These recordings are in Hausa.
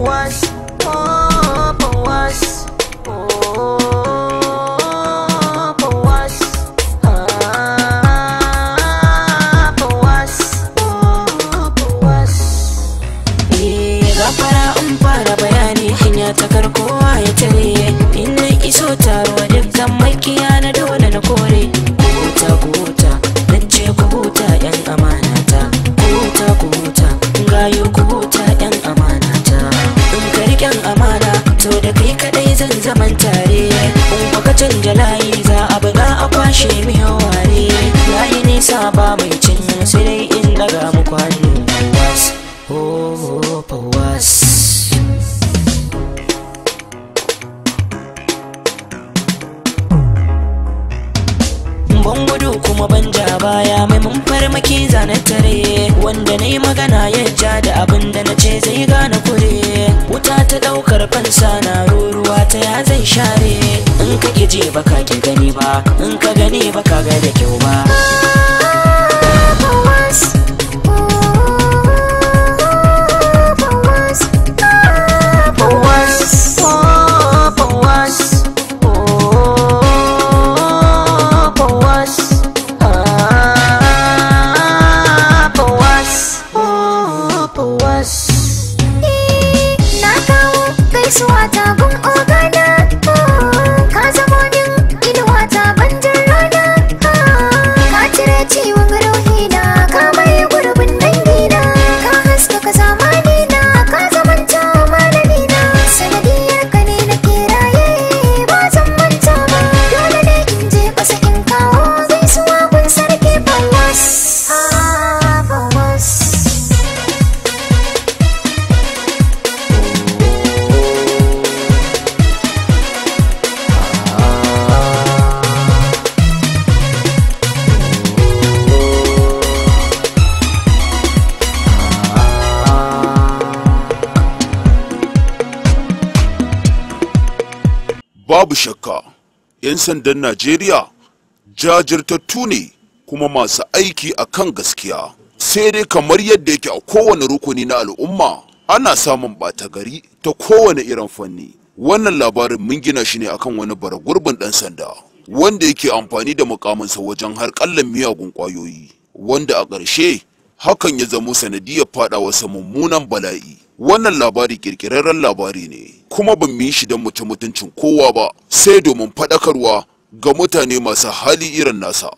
wash, oh, wash. babu shakka 'yan sandan najeriya jajirtattu ne kuma masu aiki a kan gaskiya sai dai kamar yadda yake a kowane rukuni na al'umma ana samun ɓata gari ta kowane irin fanni wannan labarin mun gina shi ne akan wani bara gurbin ɗan sanda wanda yake amfani da mukaminsa wajen harƙallan miyagun ƙwayoyi wanda a ƙarshe hakan ya zamo sanadiyar wasa mummunan bala'i wannan labari kirkirarren labari ne kuma ban yi shi don mutum mutuncin kowa ba sai domin faɗakarwa ga mutane masu hali irin nasa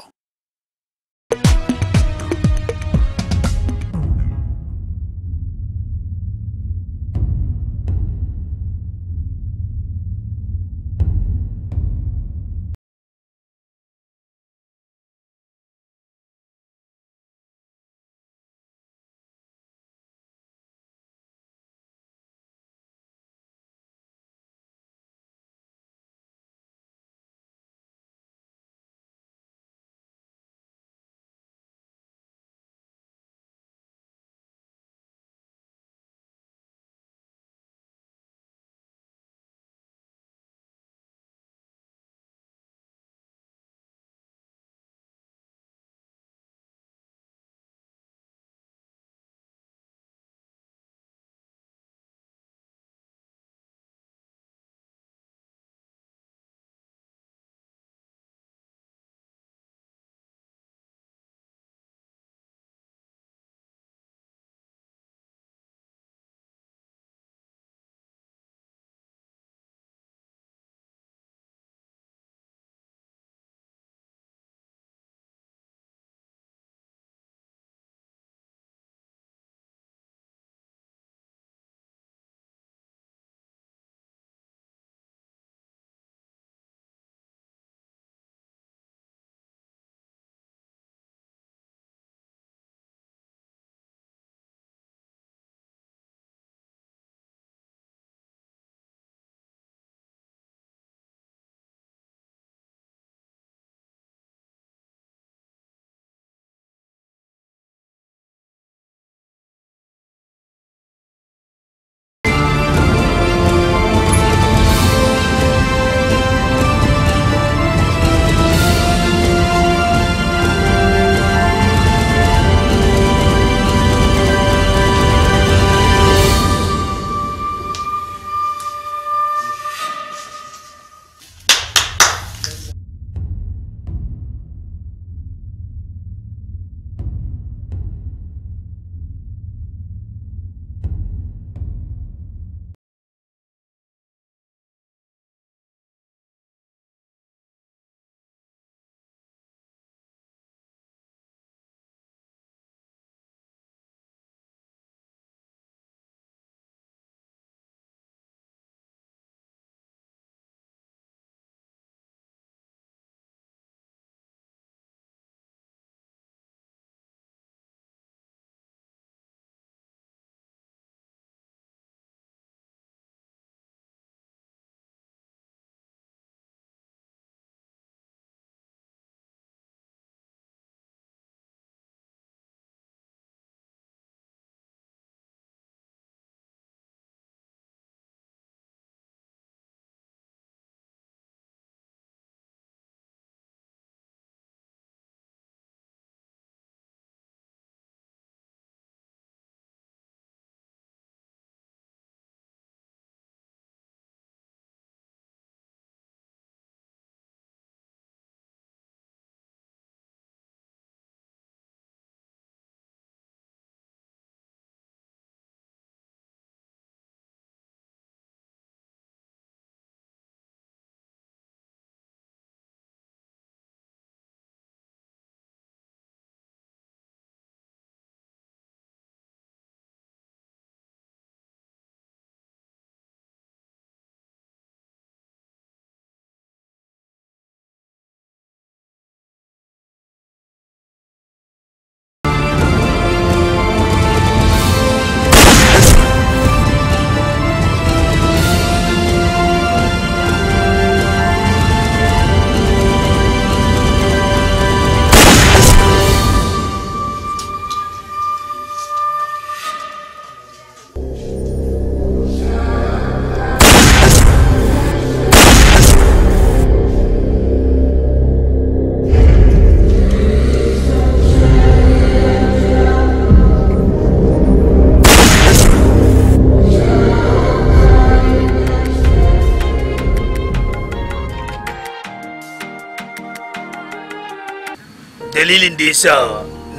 dalilin da yasa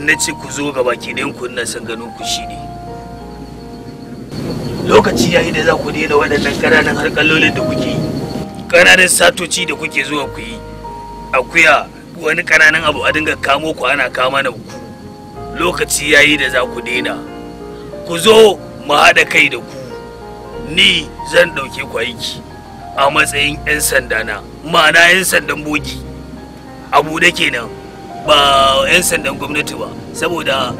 na ce ku zo gaba ke ɗin ku ina son ganin ku shine lokaci yayi da za ku daina waɗannan ƙananan harkalolin da kuke yi ƙananan satoci da kuke zuwa ku yi akuya wani ƙananan abu a dinga kamo ku ana kama na ku lokaci yayi da za ku daina ku zo mu haɗa kai da ku ni zan ɗauke ku aiki a matsayin 'yan sanda na, ma'ana 'yan sandan bogi abu da kenan ba 'yan sandan gwamnati ba saboda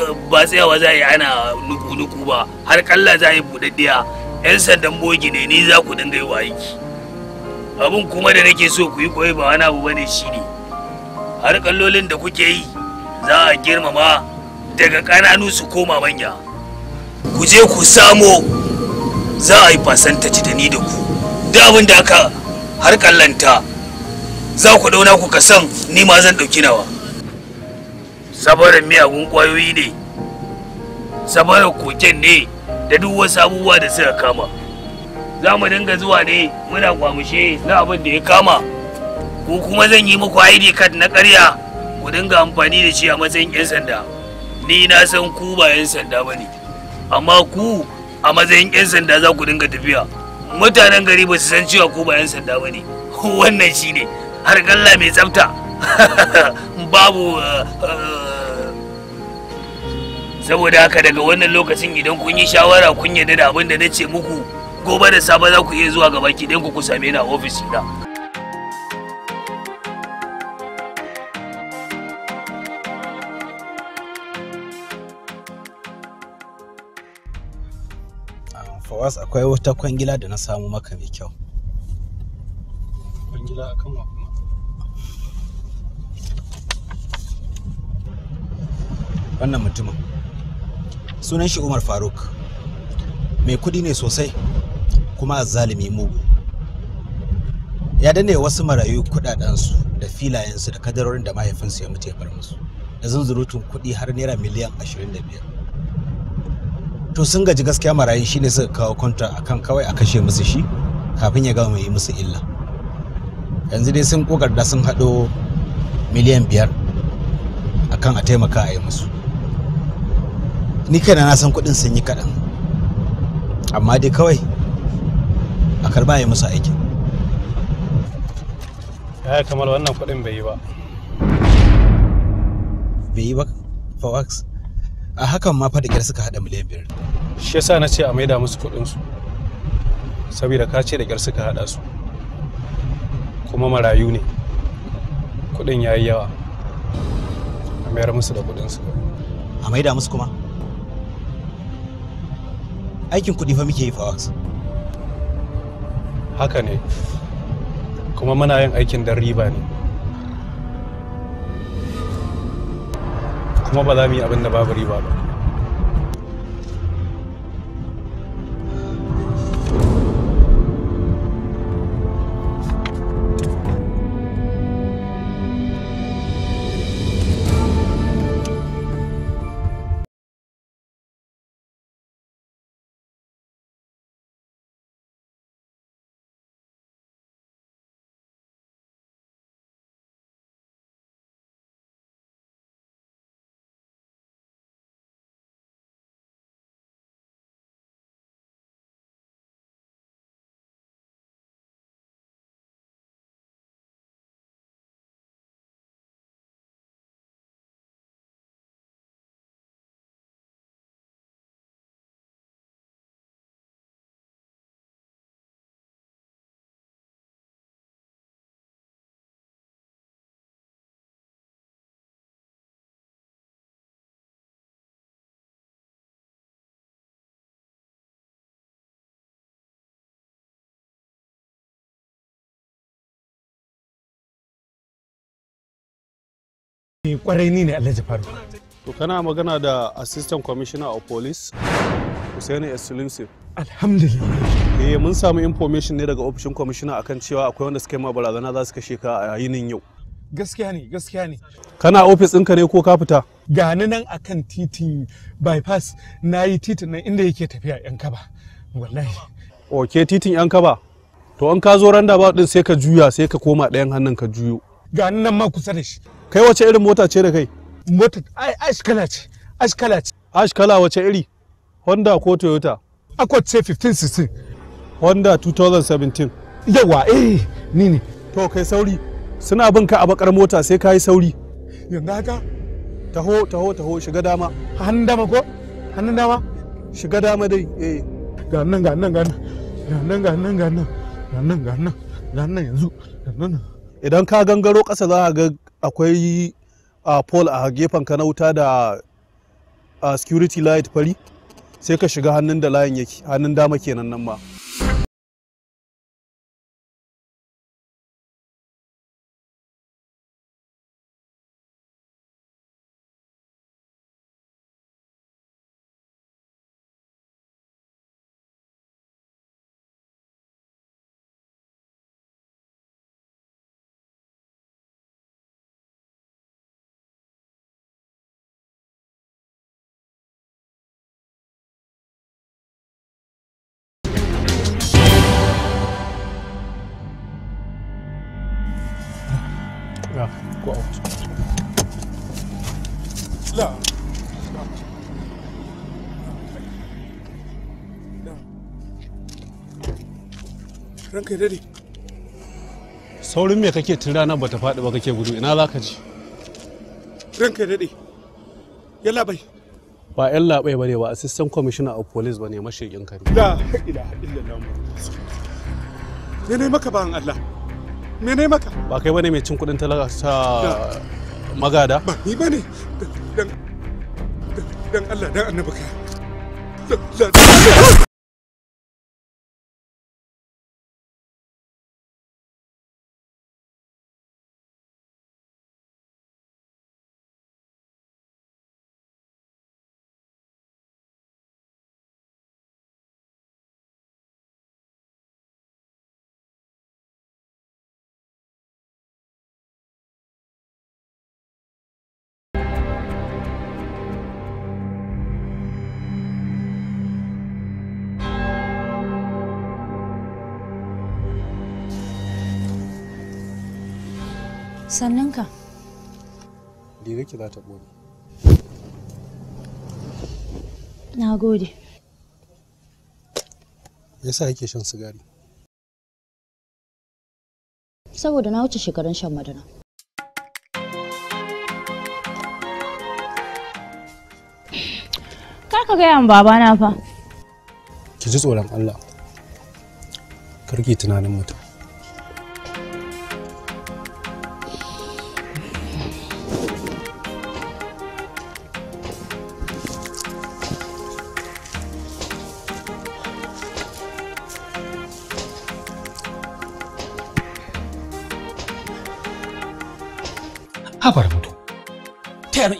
eh, ba tsayawa za a yi ana nuku-nuku ba har kalla za a yi budaddiya 'yan sandan bogi ne ni za ku dinga yi wa aiki abin kuma da nake so ku yi koyi ba wani abu ba ne shi ne har kallolin da kuke yi za a girmama daga ƙananu su koma manya ku je ku samo za a yi fasanta da ni da ku da abin da aka har kallanta za ku dauna ku kasan ni ma zan ɗauki nawa a miyagun kwayoyi ne saboda koken ne da duk wasu abubuwa da suka kama za mu dinga zuwa ne muna kwamushe na abin da ya kama ko kuma zan yi muku ID card na ƙarya ku dinga amfani da shi a matsayin 'yan sanda ni na san ku ba 'yan sanda ba ne amma ku a matsayin 'yan sanda za ku dinga tafiya mutanen gari ba su san cewa ku ba 'yan sanda ba ne wannan shi ne har galla mai tsafta babu uh, uh, saboda haka daga wannan lokacin idan kun yi shawara kun yarda da abin da na ce muku gobe da safe za ku iya zuwa gaba ki ku ku same ni a ofis na ah, Fawas akwai wata kwangila da na samu maka mai kyau. Kwangila akan wannan mutumin sunan shi umar faruk mai kudi ne sosai kuma zalimi mugu ya danne wasu marayu kudadensu da filayensu da kadarorin da mahaifinsu ya mutu ya bar musu da zunzurutun kudi har naira miliyan 25 to sun gaji gaskiya marayun shine suka kawo kwanta akan kawai a kashe musu shi kafin ya gama yi musu illa yanzu dai sun kokarda sun haɗo miliyan biyar akan a taimaka a yi musu ni kaina na san kuɗin sun yi kaɗan amma dai kawai a karba ya musu aikin ya kamar wannan kuɗin bai yi ba bai yi ba fawax a hakan ma fadakar suka haɗa miliyan biyar shi yasa na ce a maida musu su saboda ka ce da ƙyar suka haɗa su kuma marayu ne kuɗin ya yi yawa a mayar musu da su. a maida musu kuma aikin kuɗi fa muke yi fa haka ne kuma muna yin aikin dan riba ne kuma ba za mu yi abin da babu riba ba Eh, kwarai ni ne alhaji Faru. to kana magana da assistant commissioner of police Hussaini Esulimsi. Alhamdulillah. Eh mun samu information ne daga ofishin commissioner akan cewa akwai wanda suka yi ma barazana za su kashe ka a yinin yau. Gaskiya ne, gaskiya ne. Kana ofis ɗinka ne ko ka fita? Ga ni nan akan titi bypass na yi titin nan inda yake tafiya ƴan kaba. Wallahi. Oke titin yan kaba. To an ka zo randa ba din sai ka juya sai ka koma ɗayan hannun ka juyo. Ga ni nan ma kusa da shi. kai wace irin mota ce da kai mota ash kala ce ash kala ce ashkala wace iri honda ko toyota akwai ce 1516 honda 2017 yawa eh ni ne to kai sauri suna bin ka a bakar mota sai ka yi sauri yanzu haka taho taho taho shiga dama hannun dama ko hannun dama shiga dama dai eh ga nan ga nan ga nan ga nan ga nan ga nan ga nan ga nan yanzu ga nan idan ka gangaro kasa za ka ga akwai a ah, pole a gefen ka na wuta da ah, security light fari sai ka shiga hannun da layin yake hannun dama kenan nan ma ranka dare saurin me kake tun rana bata faɗi ba kake gudu ina za ka ji ranka dade ya labai ba yan labai ne ba assistant commissioner of police bane mashigin kare la ilaha illallah ne maka an Allah ne maka ba kai bane mai cin kudin talaka ta magada ba ni bane dan dan Allah dan annabi kai Sannan ka. Riga ki za ta ɓoye. Na gode. Me yasa kake shan sigari? Saboda na wuce shekarun shan madara. Kar ka gaya babana fa. Ki ji tsoron Allah. Kar tunanin mutum.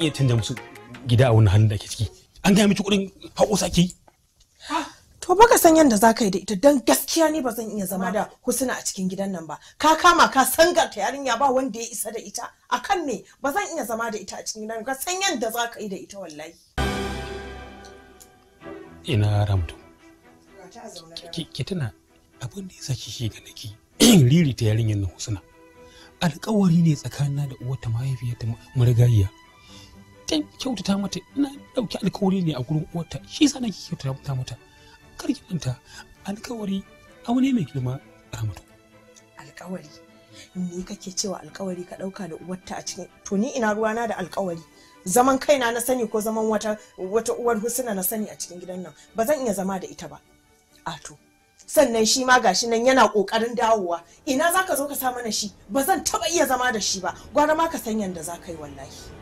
iya canja musu gida a wani hannun da ke ciki an gaya miki kuɗin hako sake yi to baka san yadda za yi da ita don gaskiya ne ba zan iya zama da husuna a cikin gidan nan ba ka kama ka sangarta yarinya ba wanda ya isa da ita akan me ba zan iya zama da ita a cikin gidan ka san yadda za yi da ita wallahi ina ramtu ki tana abin da ya sa ki shiga nake riri ta yarinyar na husuna alkawari ne tsakanin da uwata mahaifiyarta marigayiya dan kyautata mata ina dauki alkawari ne a gurin uwarta shi sa nake kyautata mata kar ki manta alkawari abu ne mai girma ramatu alkawari ni kake cewa alkawari ka dauka da uwarta a cikin to ni ina ruwana da alkawari zaman kaina na sani ko zaman wata wata uwar husna na sani a cikin gidan nan ba zan iya zama da ita ba a to sannan shi ma gashi nan yana kokarin dawowa ina zaka zo ka sa mana shi ba zan taba iya zama da shi ba gwara ma ka san yanda zaka yi wallahi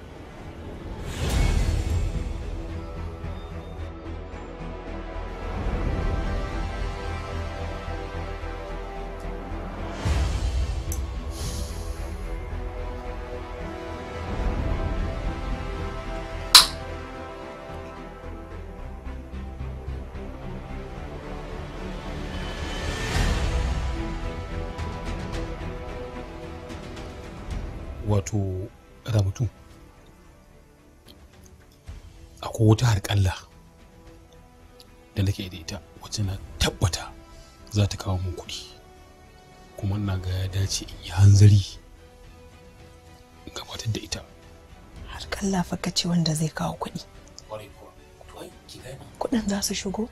aƙalla da nake da ita wacce na tabbata za ta kawo min kuɗi kuma ina ga ya dace in yi hanzari gabatar da ita har kalla fa ce wanda zai kawo kuɗi kuɗin za su shigo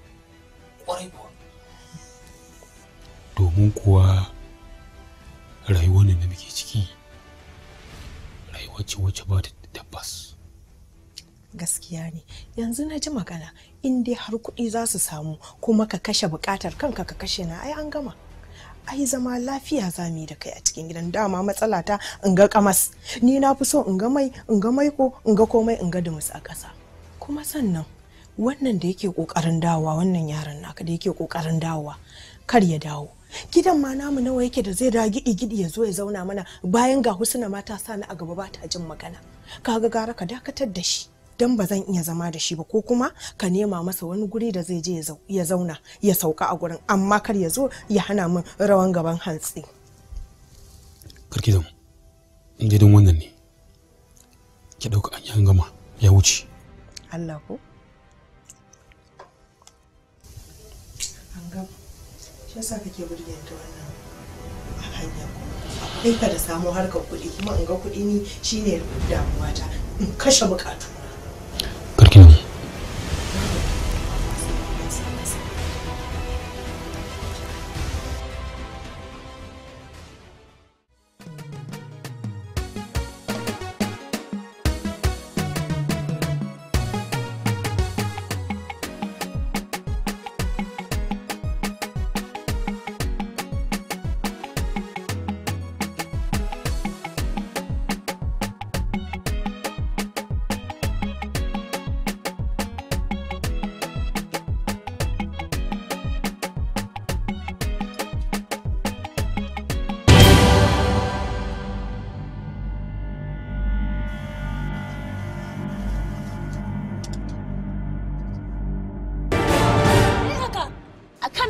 domin kuwa rayuwar na muke ciki rayuwar ce wacce ba ta tabbas gaskiya ne yanzu na ji magana in dai har kuɗi za su samu kuma ka kashe buƙatar kanka ka kashe na ai an gama ai zama lafiya za mu yi da kai a cikin gidan dama matsala ta in ga kamas ni na fi so in ga mai in ga maiko in ga komai in ga dumus a ƙasa kuma sannan wannan da yake ƙoƙarin dawowa wannan yaron naka da yake ƙoƙarin dawowa kar ya dawo gidan ma namu nawa yake da zai da gidi gidi ya zo ya zauna mana bayan ga husna mata sani a gaba ba ta jin magana kaga gara ka dakatar da shi don ba zan iya zama da shi ba ko kuma ka nema masa wani guri da zai je ya zauna ya sauka a gurin amma kar ya zo ya hana min rawan gaban hantsi karki zama in dai don wannan ne ki ɗauka an yi gama ya wuce Allah ko an gama shi yasa kake ta wannan ka da samu harkar kuɗi kuma in ga kuɗi ni shine damuwata in kashe bukatu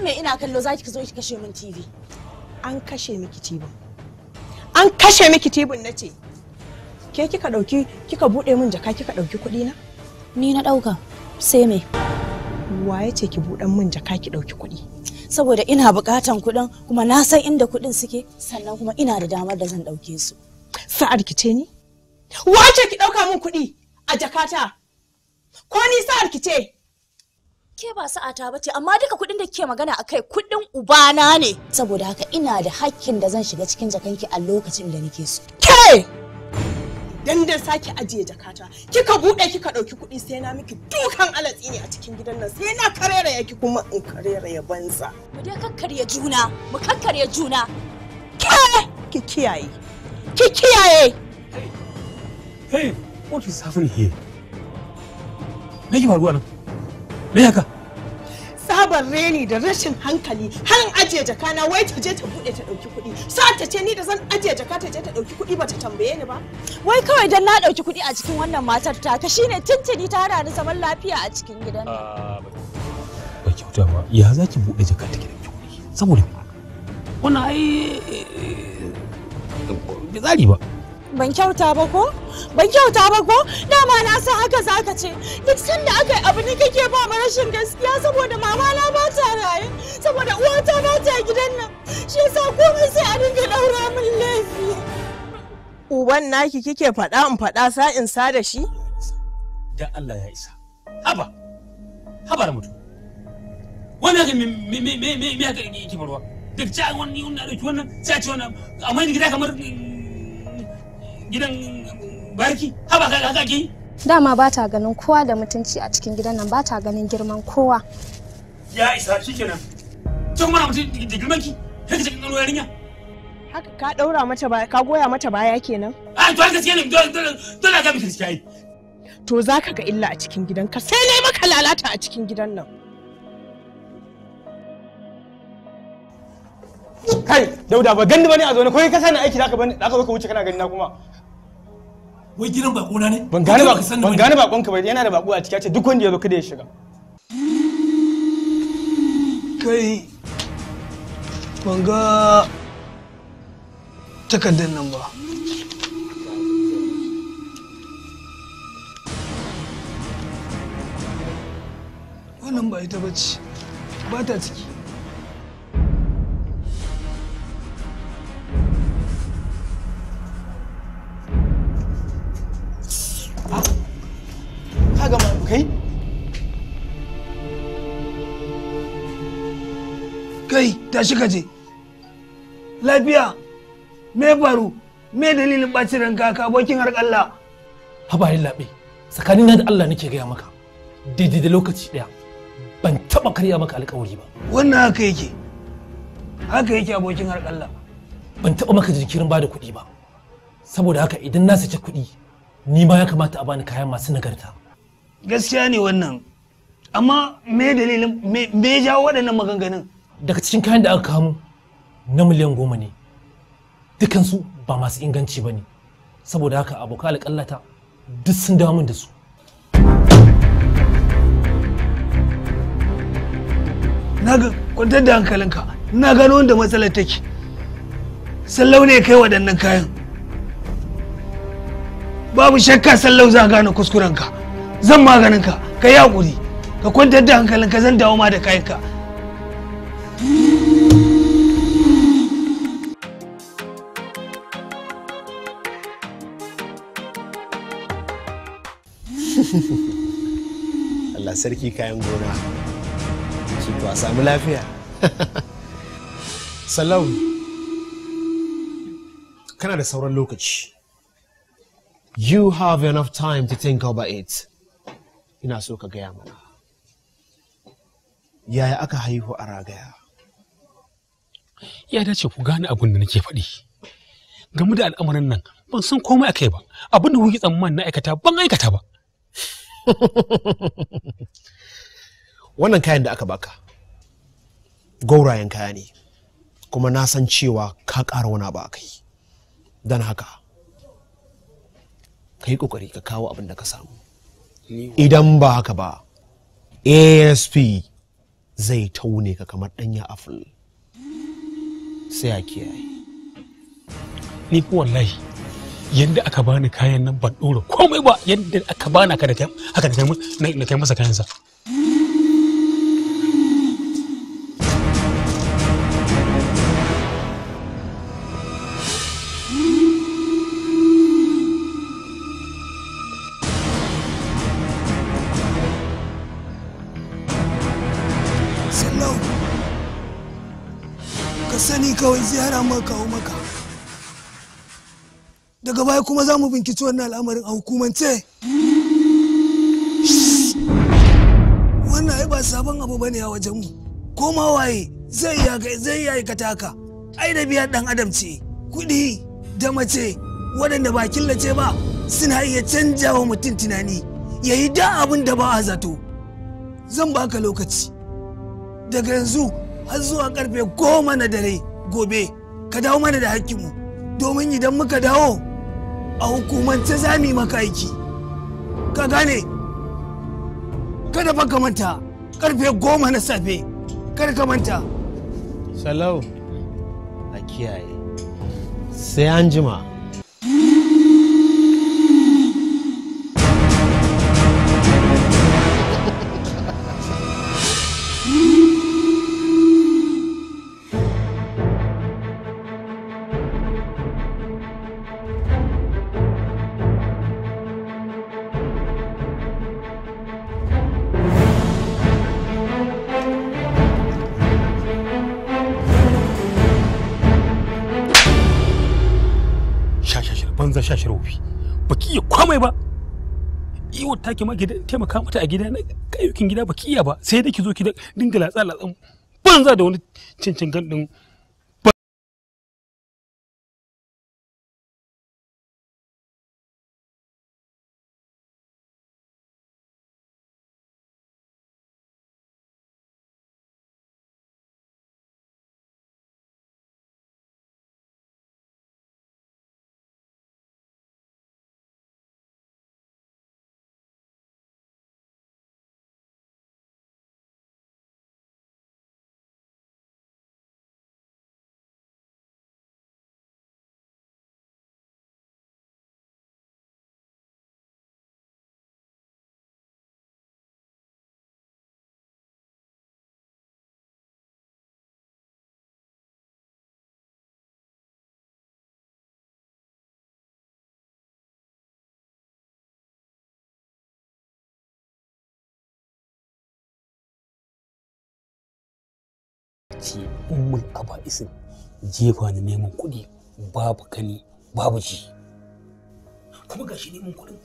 karfe ina kallo zaki ki zo ki kashe min TV. An kashe miki TV. An kashe miki TV na ce. Ke kika dauki kika bude min jaka kika dauki kuɗi na? Ni na dauka. Sai me? Wa ce ki buɗan min jaka ki dauki kuɗi? Saboda ina buƙatan kuɗin kuma na san inda kuɗin suke sannan kuma ina da damar da zan dauke su. Sa'ar ki ce ni? Wace ki dauka min kuɗi a jakata? Ko ni sa'ar ki ce? ke ba sa'ata ba ce amma duka kuɗin da ke magana a kai kuɗin ubana ne saboda haka ina da hakkin da zan shiga cikin jakanki a lokacin da nake so ke dan da sake ajiye jakata kika bude kika dauki kuɗi sai na miki dukan alatsi ne a cikin gidan nan sai na karera yaki kuma in karera ya banza mu dai kakkarya juna mu kakkarya juna ke ki kiyaye ki kiyaye hey what is happening here me ki faruwa me haka sabar reni da rashin hankali har ajiye jaka na wai ta je ta bude ta dauki kudi sa ta ce ni da zan ajiye jaka ta je ta dauki kudi ba ta tambaye ni ba wai kawai dan na dauki kudi a cikin wannan matar ta ka shine tintini ta hada ni zaman lafiya a cikin gidan ba kyauta ba ya za ki bude jaka ta gidan ki saboda wannan ai eh, eh, eh, bai zari ba ban kyauta ba ko ban kyauta ba ko dama na san haka zaka ce duk sanda aka yi abu ne kake ba mu rashin gaskiya saboda mama na ba ta raye saboda uwata ba ta gidan nan shi yasa komai sai a dinga daura min laifi uban naki kike faɗa in faɗa sa in sa da shi da Allah ya isa haba haba da mutum wannan me me me me me haka yake faruwa duk ci wani wannan dauki wannan sai ci wannan amma ni gida kamar gidan barki haba haka ki dama ba ta ganin kowa da mutunci a cikin gidan nan ba ta ganin girman kowa ya isa shikenan kin mana mutum da girman ki kake cikin ganin yarinya haka ka daura mata baya ka goya mata baya kenan a to haka sai ne na ka bi gaskiya to zaka ga illa a cikin gidan ka sai ne maka lalata a cikin gidan nan kai dauda ba gani bane a zaune ko kai ka sani aiki zaka bani zaka zo ka wuce kana gani na kuma wai gidan bako na ne ban gane ba ban gane bakon ka ba yana da bako a ciki ce duk wanda ya zo kada ya shiga kai ban ga takardar nan ba wannan ba ita ba ce ba ta ciki ka kai tashi ka je lafiya me faru me dalilin ɓacin ranka ka abokin har Allah habarin labe tsakanin na da Allah nake gaya maka daidai da lokaci daya ban taba karya maka alkawari ba wannan haka yake haka yake abokin har Allah ban taba maka jinkirin bada kuɗi ba saboda haka idan na sace kuɗi ni ma ya kamata a bani kayan masu nagarta gaskiya ne wannan amma me dalilin me ya jawo waɗannan maganganun daga cikin kayan da aka kamu na miliyan goma ne dukansu ba masu inganci ba ne saboda haka abokan alƙallata duk sun damun da su na ga kwantar da hankalinka na gano wanda matsalar take sallau ne kai waɗannan kayan babu shakka sallau za gane ka, zan maganin ka ka yi hakuri ka kwantar da hankalin ka zan dawo ma da kayanka Allah sarki kayan gona su ba samu lafiya salam kana da sauran lokaci you have enough time to think about it ina so ka gaya mana yaya aka haihu a ragaya ya dace ku gane abun da nake faɗi game da al'amarin nan ban san komai akai ba abin da kuke tsammani na aikata ban aikata ba wannan kayan da aka baka gaurayen kaya ne kuma na san cewa ka ƙara wani ba a kai don haka ka yi ƙoƙari ka kawo abin da ka samu idan ba haka ba asp zai taune ka kamar ɗanya afil sai a kiyaye ni ko wallahi yadda aka bani kayan nan ban ɗora komai ba yadda aka bani haka da kai masa kayansa aka kawo maka daga baya kuma za mu binkici wannan al'amarin a hukumance wannan ai ba sabon abu ba ne a wajenmu ko ma waye zai yi aikata haka ai da biyar dan adam ce kuɗi da mace waɗanda ba killace ba suna iya canja wa mutum tunani ya yi da abin da ba a zato zan baka lokaci daga yanzu har zuwa karfe goma na dare gobe ka dawo mana da hakkinmu domin idan muka dawo a hukumance za mu yi maka aiki ka gane kada fa ka manta karfe goma na safe kada ka manta salau a kiyaye sai an jima take ma gida taimaka mata a gida na kayyukin gida ba iya ba sai da ki zo ki dinga latsa ban banza da wani cincin gandun ce ummul isin jefa ni neman kuɗi babu kani babu ji kuma ga shi neman kuɗin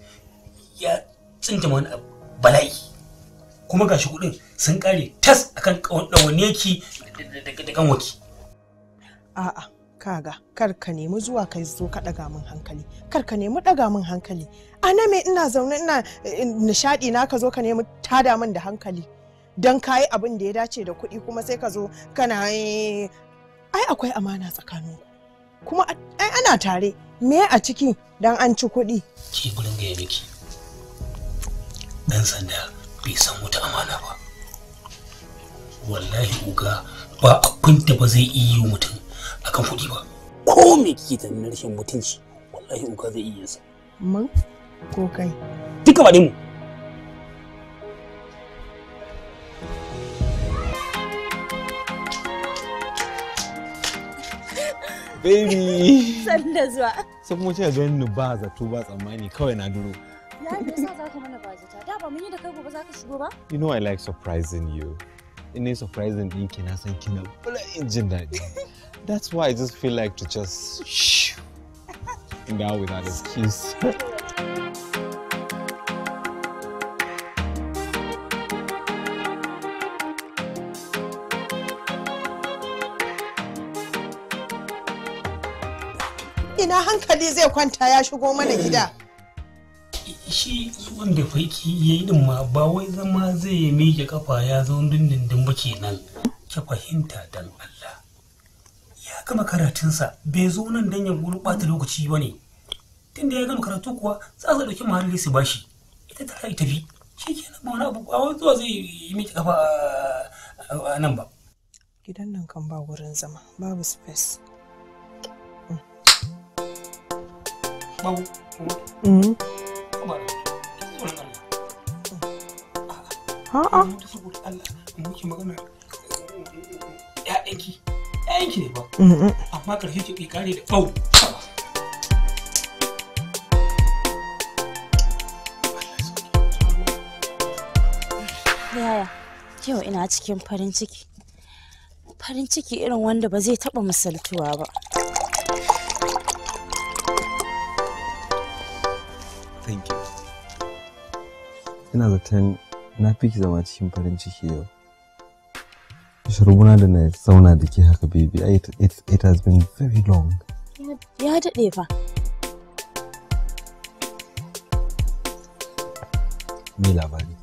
ya tsinta wani bala'i kuma ga shi kuɗin sun ƙare tas akan ɗawane ki da kanwaki a'a kaga kar ka nemi zuwa kai zo ka ɗaga min hankali kar ka nemi ɗaga min hankali a na me ina zaune ina eh, nishaɗi na ka zo ka nemi tada min da hankali don kayi abin da ya dace da kuɗi kuma sai ka zo kana eh, ai akwai amana tsakanin kuma ai ana tare me a ciki don an ci kuɗi ki gurin gaya miki dan sanda bai san wata amana ba wallahi uga ba a da ba zai iya yi mutum akan kuɗi ba ko me kike da rashin mutunci wallahi uga zai iya sa mun ko kai duka ba mu baby san da zuwa sun mu ce ganin ni ba zato ba tsammani kawai na duro ya me za ka mana ba zita da ba mun yi da kai gobe ka shigo ba you know i like surprising you in a surprising din ki na san kina in jin daɗi that's why i just feel like to just shh and out without excuse ina hankali zai kwanta ya shigo mana gida shi zuwan da faiki ya yi ma ba wai zama zai ya miƙe kafa ya zo dindindin ba kenan ki fahimta dan Allah ya gama karatunsa bai zo nan dan ya gurɓata lokaci ba ne tunda ya gama karatu kuwa za su ɗauki mahalli su bashi ita ta yi tafi shi nan ba wani abu ba wai zuwa zai yi miƙe kafa a nan ba gidan nan kan ba wurin zama babu space bau kuma kaba Allah ne ba amma karshe ki kare da bau Yaya, yau ina cikin farin ciki. Farin ciki irin wanda ba zai taɓa misaltuwa ba. Thank you. Ina zaton na fi ki zama cikin farin ciki yau. Sharbuna da na zauna da ke haka baby, it, it, it has been very long. Ya daɗe fa. Me labari?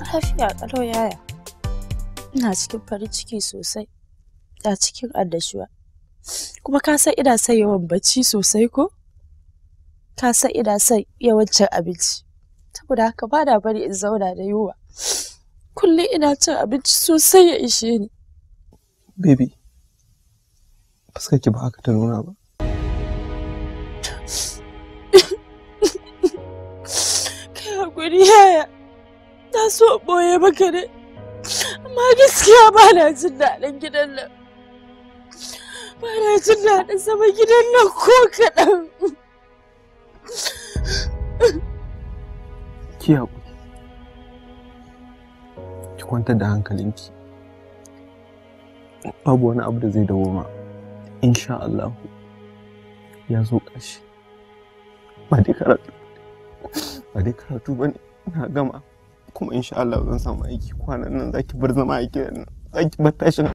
Lafiya ƙalau yaya. Ina cikin farin ciki sosai. A cikin addashuwa. Kuma ka san ina son yawan bacci sosai ko? ka san ina son yawancin abinci saboda haka ba da bari in zauna da yiwuwa kullum ina cin abinci sosai ya ishe ni baby ki ba haka ta nuna ba kai hakuri yaya na so ɓoye maka ne amma gaskiya ba na jin daɗin gidan nan ba na jin daɗin zama gidan nan ko kaɗan ki haƙuri ki kwantar da hankalinki babu wani abu da zai dawoma insha Allah ya zo ƙarshe ba dai karatu ba dai karatu ba ne na gama kuma insha Allah zan samu aiki kwanan nan zaki bar zama aiki nan zaki bar tashin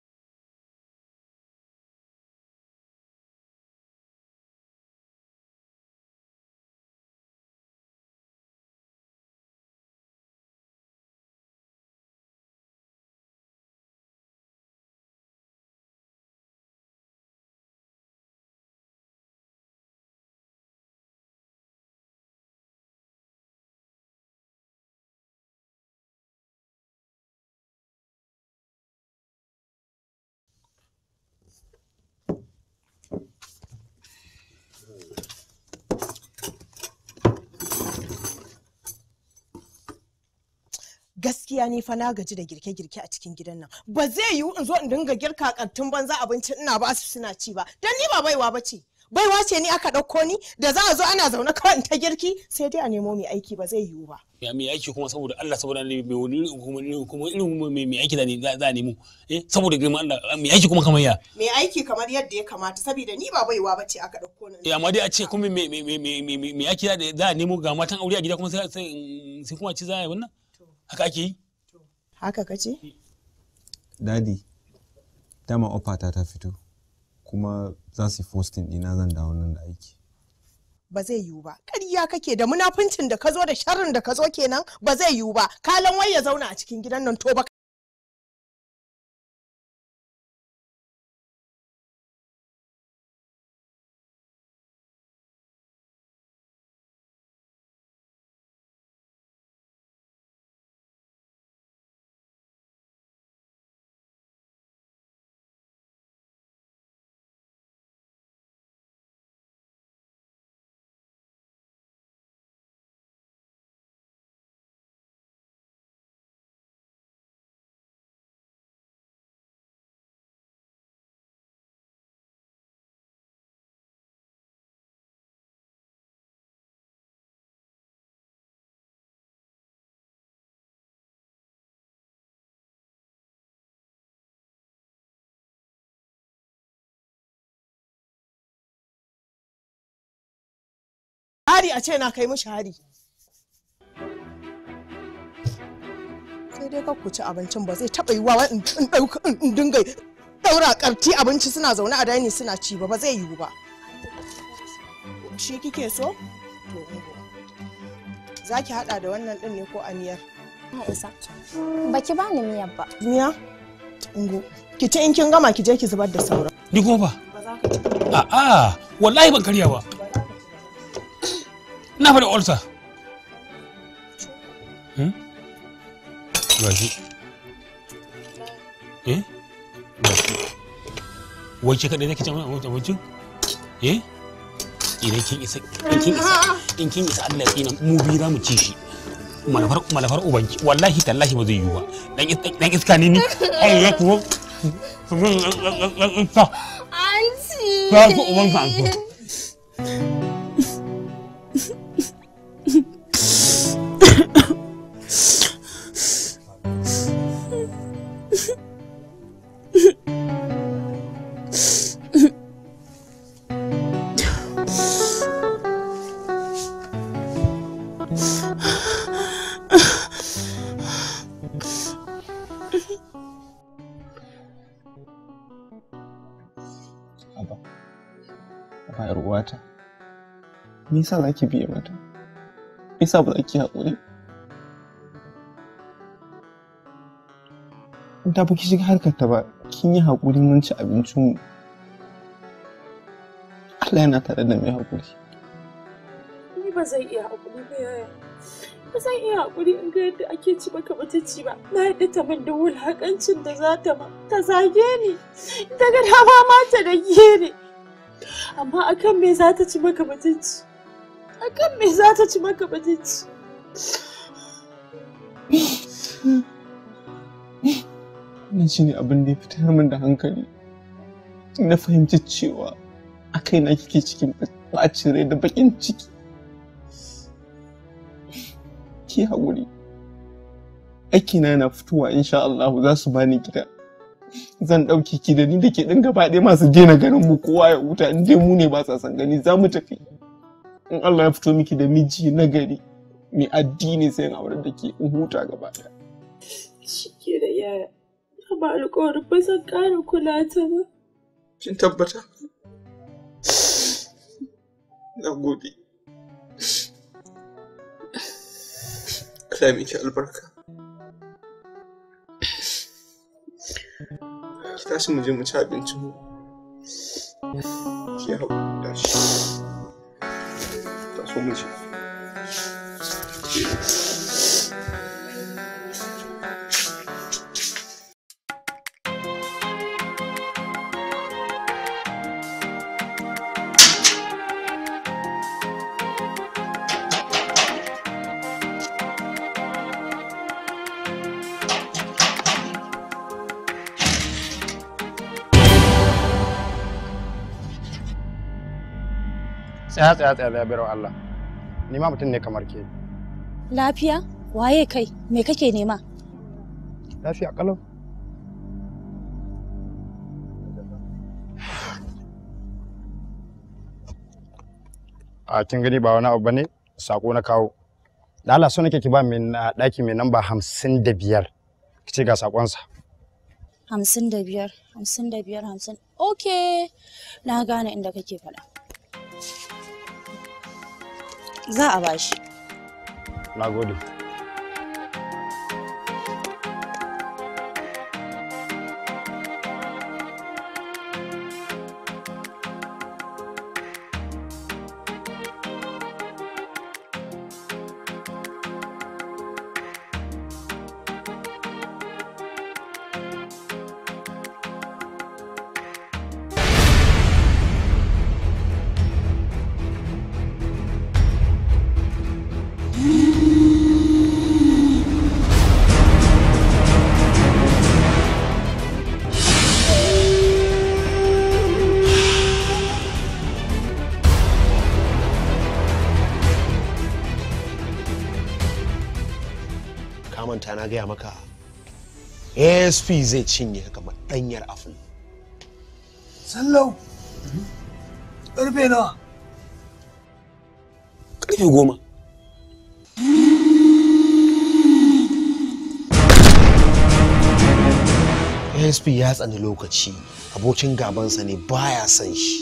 gaskiya ni fa na gaji da girke-girke a cikin gidan nan ba zai yiwu in zo in dinga girka kantin banza abinci ina ba su suna ci ba dan ni ba baiwa ba ce baiwa ce ni aka ɗauko ni da za a zo ana zaune kawai in ta girki sai dai a nemo mai aiki ba zai yiwu ba ya mai aiki kuma saboda Allah saboda ne mai wani kuma irin mai aiki da za a nemo eh saboda girman Allah mai aiki kuma kamar ya mai aiki kamar yadda ya kamata saboda ni ba baiwa ba ce aka dauko ni ya amma dai a ce kuma mai mai mai aiki da za a nemo ga matan aure a gida kuma sai sai kuma ci za a yi wannan haka ake yi haka ka ce. dadi dama ofata ta fito kuma za su fostin ina zan dawo nan da aiki ba zai yiwu ba ƙarya kake da munafincin da ka zo da sharrin da ka zo kenan ba zai yiwu ba kalan wai ya zauna a cikin gidan nan to ba hari a ce na kai mishi hari sai dai ku ci abincin ba zai taɓa yiwuwa in ɗauka in dinga ɗaura ƙarti abinci suna zaune a daini suna ci ba ba zai yiwu ba shi kike so to za ki haɗa da wannan ɗin ne ko aniyar Aisha ba ki bani miyar ba miya ungo ki ci in kin gama ki je ki zubar da sauran ni ba ba za ka ci wallahi ban karya ba na fa da ulcer hmm? gashi eh gashi wace kadai nake eh idan kin isa in kin isa in kin isa Allah ya tsina mu bi za mu ci shi malafar malafar ubanki wallahi tallahi ba zai yi ba dan dan iska ne ni ai ya ku anti ba ku ubanka an Aba, ba ‘yar uwata, me yasa za ki biye mata? Me yasa ba za ki haƙuri? In ta fi shiga harkar ta ba, kin yi haƙuri mun ci abincinmu. Allah yana tare da mai haƙuri. Ni ba zai iya haƙuri ba yaya. ba zan iya haƙuri in ga yadda ake ci maka matacci ba na yadda ta min da wulhaƙancin da za ta ma ta zage ni daga dama ma ta da ni amma akan me za ta ci maka mutunci akan me za ta ci maka mutunci Wannan shi ne abin da ya fitar min da hankali. Na fahimci cewa akai na kike cikin ɓacin rai da baƙin ciki. ki haƙuri aikina na fitowa insha Allah za su bani gida zan ɗauki ki da ni da ke ɗin gaba ɗaya masu na ganin mu kowa ya huta in dai mu ne ba sa san gani za mu tafi in Allah ya fito miki da miji na gari mai addini sai in aurar da ke in huta gaba ɗaya. Shi ke da yaya, na ba alƙawarin ba zan ƙara kula ta ba. Kin tabbata? Na gobe. Allah ya albarka. Ki tashi mu je mu ci abincin mu. Ki hau mu tsaya tsaya tsaya labirin Allah ni ma mutum ne kamar ke lafiya waye kai me kake nema lafiya kalau a kin gani ba wani abu bane sako na kawo da Allah so nake ki ba min daki ah, mai namba hamsin da biyar kice ga sakonsa hamsin da biyar hamsin da biyar hamsin okay na gane inda kake faɗa za a bashi. Na gode. na gaya maka asp zai cinye ka kamar ɗanyar afil sallau ƙarfe nawa ƙarfe goma asp ya tsani lokaci abokin gabansa ne baya son shi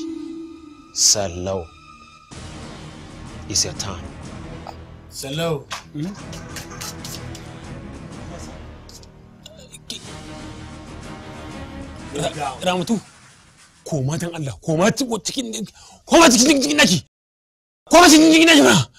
sallau is your time sallau ramatu koma dan Allah koma cikin koma cikin cikin naki koma cikin cikin naki mana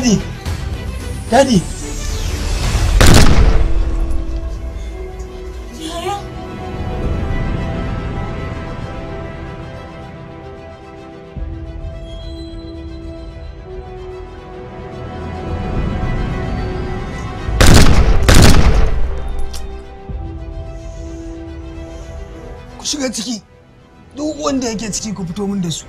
Daddy! Daddy! Ku shiga ciki, duk wanda yake ciki ku fito min da su.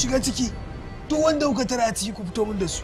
shiga ciki duk wanda kuka tara ciki ku fito mun da su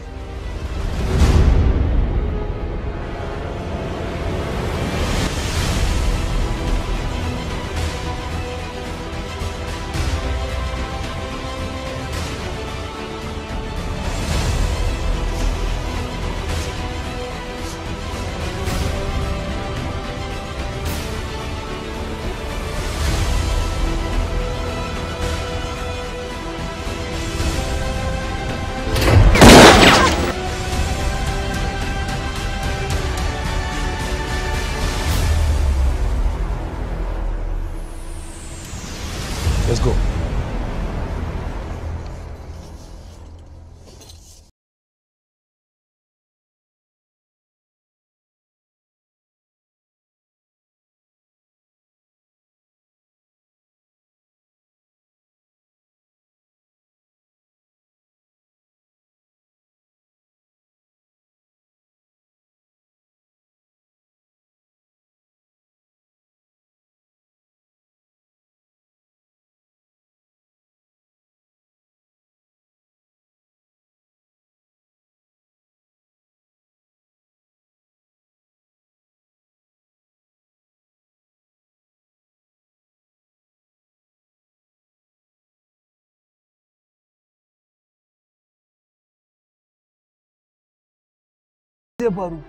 zai faru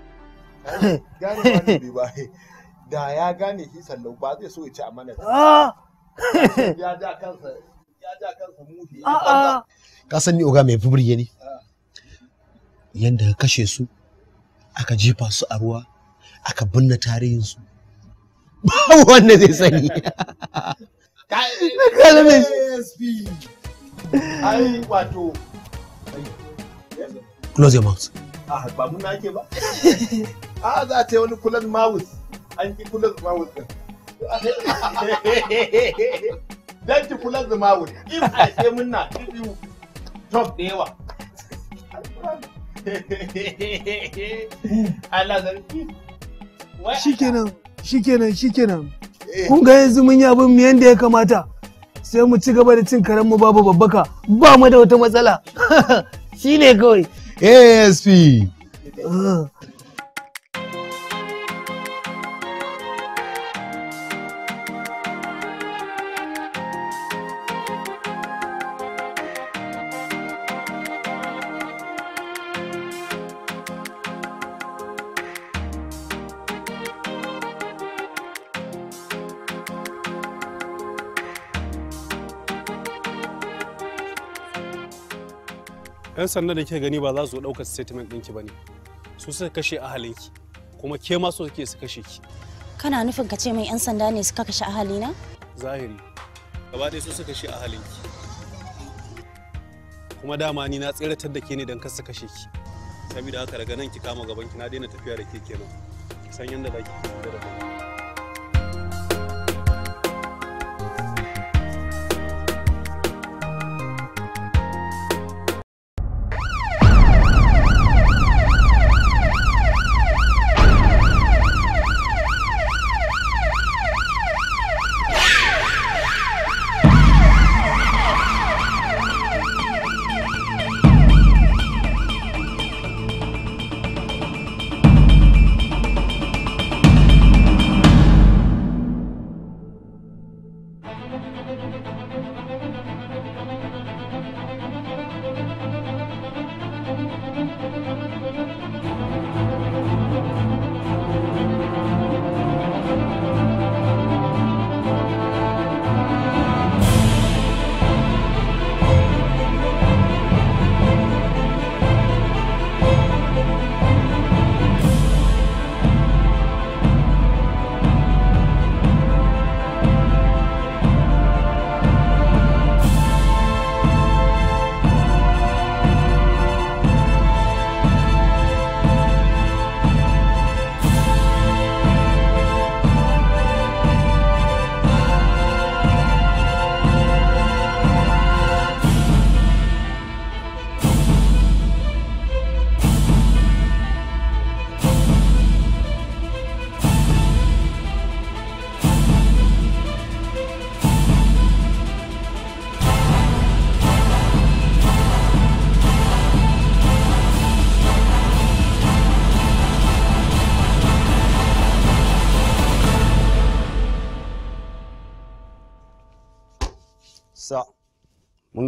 da ya gane shi sallau ba zai so ya ci amana ah! ya ja kansa ya ja kansa muhi ah, ah, ka san ni oga mai fubirge ne yanda ka kashe su aka jefa su a ruwa aka binne tarihin su Ba wanda zai sani Close your mouth. a ah, ba mun na ake ba ah, a za ta yi wani kulan mawus an ki kulan mawus din dan ki kulan mawus in a ce mun na ibu top da yawa Allah zarki shikenan shikenan shikenan eh. kun ga yanzu mun yi abin mu yanda ya kamata sai mu ci gaba da cin karen mu babu babbaka ba mu da wata matsala shine kawai Espi! 'yan sanda da kika gani ba za su ɗaukar statement ɗinki ba ne su suka kashe ahalinki kuma ke ma so suke su kashe ki kana nufin ka ce mai 'yan sanda ne suka kashe ahalina zahiri gaba ɗaya su suka kashe ahalinki kuma dama ni na tseratar da ke ne don kasa kashe ki saboda haka daga nan ki kama gaban ki na daina tafiya da ke kenan san yadda za ki da kai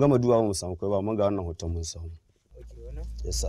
gama duwa mu samu kai ba mun ga wannan hoton mun samu yasa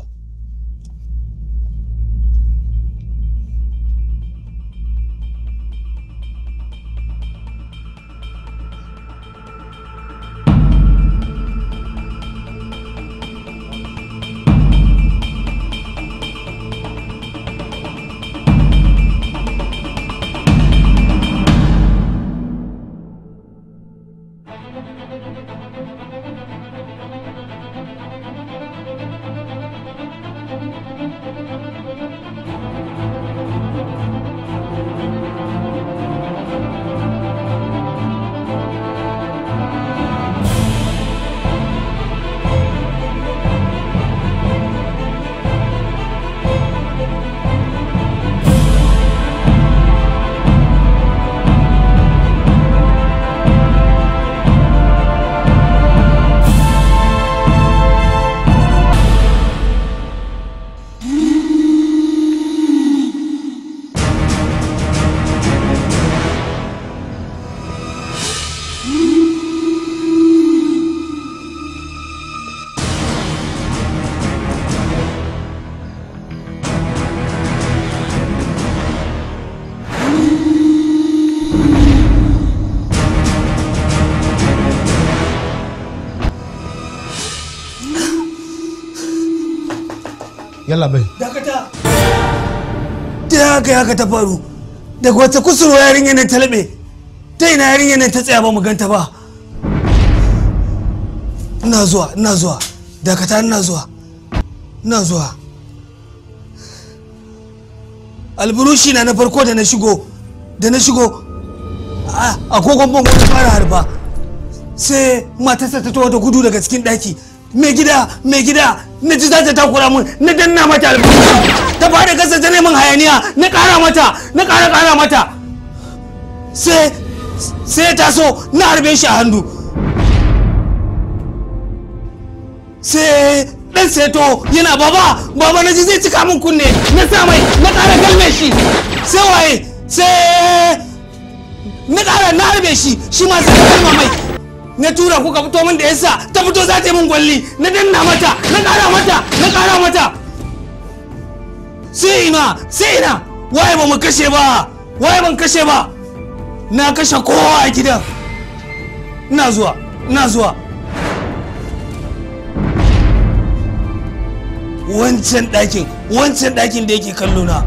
kai haka ta faru daga wata kusurwa yarinya nan ta laɓe ta ina yarinya nan ta tsaya ba mu ganta ba ina zuwa ina zuwa dakata ina zuwa ina zuwa alburushi na na farko da na shigo da na shigo a kogon bango ta fara harba sai matarsa ta tawo da gudu daga cikin ɗaki mai gida mai gida na ji za ta takura min na danna mata albarka ta fara gasa ta neman hayaniya na ƙara mata na ƙara ƙara mata sai sai ta so na harbe shi a hannu sai ɗan seto yana baba baba na ji zai cika min kunne na sa mai na ƙara galme shi sai waye sai na ƙara na harbe shi shi ma sai ta mai na tura ku ka fito min da yasa ta fito za ta yi min gwalli na danna mata na kara mata na kara mata sai ina sai ina waye ba mu kashe ba waye ban kashe ba na kashe kowa a gidan ina zuwa ina zuwa wancan ɗakin wancan ɗakin da yake kallona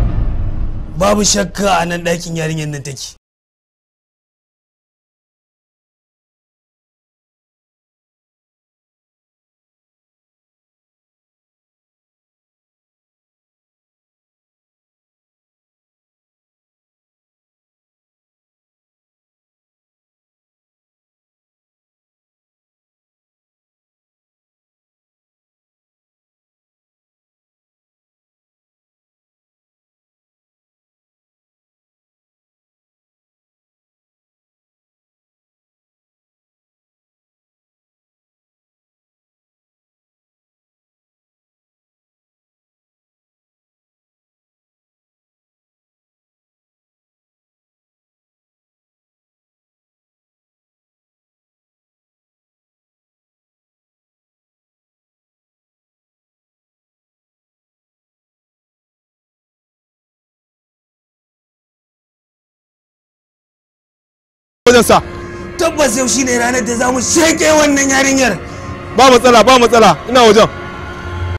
babu shakka a nan ɗakin yarinyar nan take wajensa tabbas yau shine ranar da za mu sheke wannan yarinyar ba matsala ba matsala ina wajen